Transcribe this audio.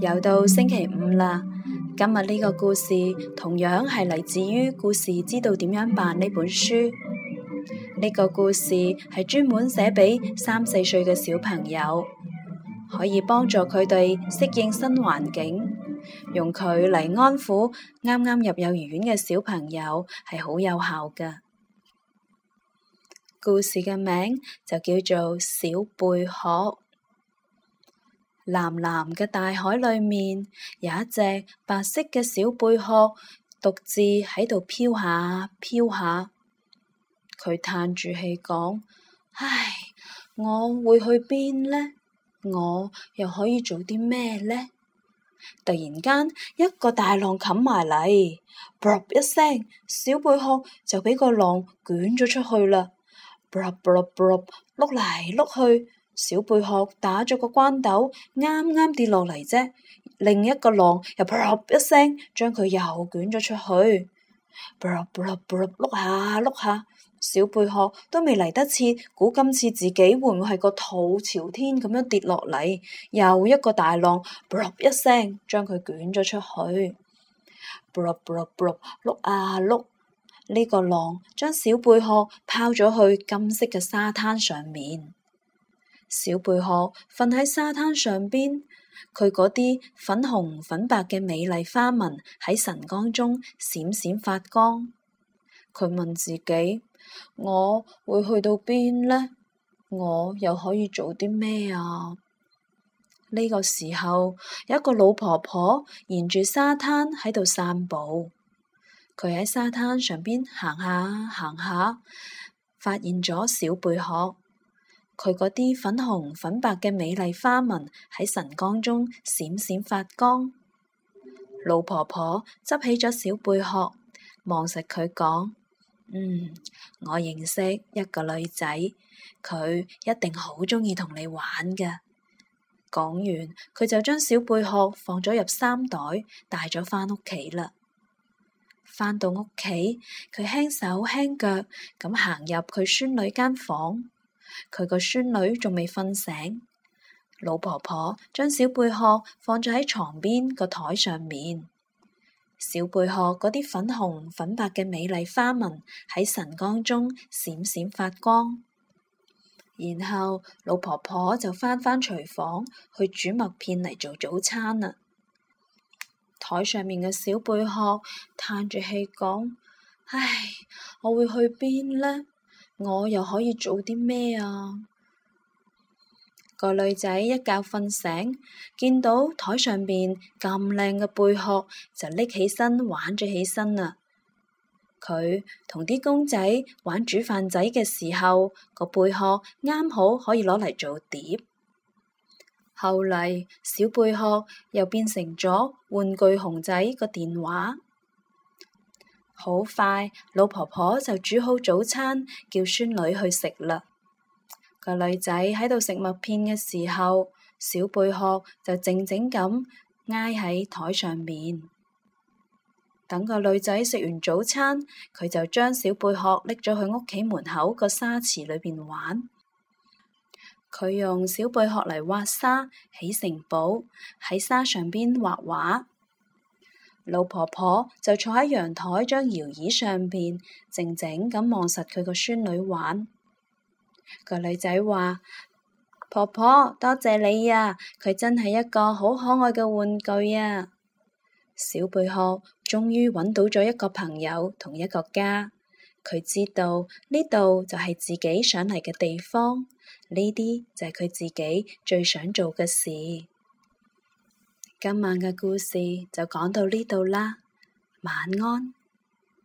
又到星期五啦！今日呢個故事同樣係嚟自於《故事知道點樣辦》呢本書。呢個故事係專門寫畀三四歲嘅小朋友，可以幫助佢哋適應新環境，用佢嚟安撫啱啱入幼兒園嘅小朋友，係好有效㗎。故事嘅名就叫做《小貝殼》。藍藍嘅大海裏面，有一隻白色嘅小貝殼，獨自喺度飄下飄下。佢嘆住氣講：唉，我會去邊呢？我又可以做啲咩呢？突然間，一個大浪冚埋嚟，啵一聲，小貝殼就俾個浪捲咗出去啦。啵啵啵，碌嚟碌去。小貝殼打咗個關斗，啱啱跌落嚟啫。另一個浪又噗一聲，將佢又捲咗出去。噗，碌下碌下，小貝殼都未嚟得切，估今次自己會唔會係個肚朝天咁樣跌落嚟？又一個大浪噗一聲，將佢捲咗出去。噗，碌下碌，呢個浪將小貝殼拋咗去金色嘅沙灘上面。小貝殼瞓喺沙灘上邊，佢嗰啲粉紅粉白嘅美麗花紋喺晨光中閃閃發光。佢問自己：我會去到邊呢？我又可以做啲咩啊？呢個時候，有一個老婆婆沿住沙灘喺度散步，佢喺沙灘上邊行下行下，發現咗小貝殼。佢嗰啲粉紅、粉白嘅美麗花紋喺晨光中閃閃發光。老婆婆執起咗小貝殼，望實佢講：「嗯，我認識一個女仔，佢一定好鍾意同你玩㗎。講完，佢就將小貝殼放咗入衫袋，帶咗返屋企啦。返到屋企，佢輕手輕腳咁行入佢孫女間房。佢個孫女仲未瞓醒，老婆婆將小貝殼放咗喺床邊個台上面。小貝殼嗰啲粉紅、粉白嘅美麗花紋喺晨光中閃閃發光。然後老婆婆就翻返廚房去煮麥片嚟做早餐啦。台上面嘅小貝殼嘆住氣講：「唉，我會去邊呢？我又可以做啲咩啊？個女仔一覺瞓醒，見到台上邊咁靚嘅貝殼，就拎起身玩咗起身啦、啊。佢同啲公仔玩煮飯仔嘅時候，個貝殼啱好可以攞嚟做碟。後嚟，小貝殼又變成咗玩具熊仔個電話。好快，老婆婆就煮好早餐，叫孫女去食嘞。個女仔喺度食麥片嘅時候，小貝殼就靜靜咁捱喺台上面。等個女仔食完早餐，佢就將小貝殼拎咗去屋企門口個沙池裏邊玩。佢用小貝殼嚟挖沙、起城堡、喺沙上邊畫畫。老婆婆就坐喺陽台張搖椅上邊，靜靜咁望實佢個孫女玩。個女仔話：婆婆多謝你呀，佢真係一個好可愛嘅玩具呀！」小貝殼終於搵到咗一個朋友同一個家，佢知道呢度就係自己想嚟嘅地方，呢啲就係佢自己最想做嘅事。今晚嘅故事就講到呢度啦，晚安。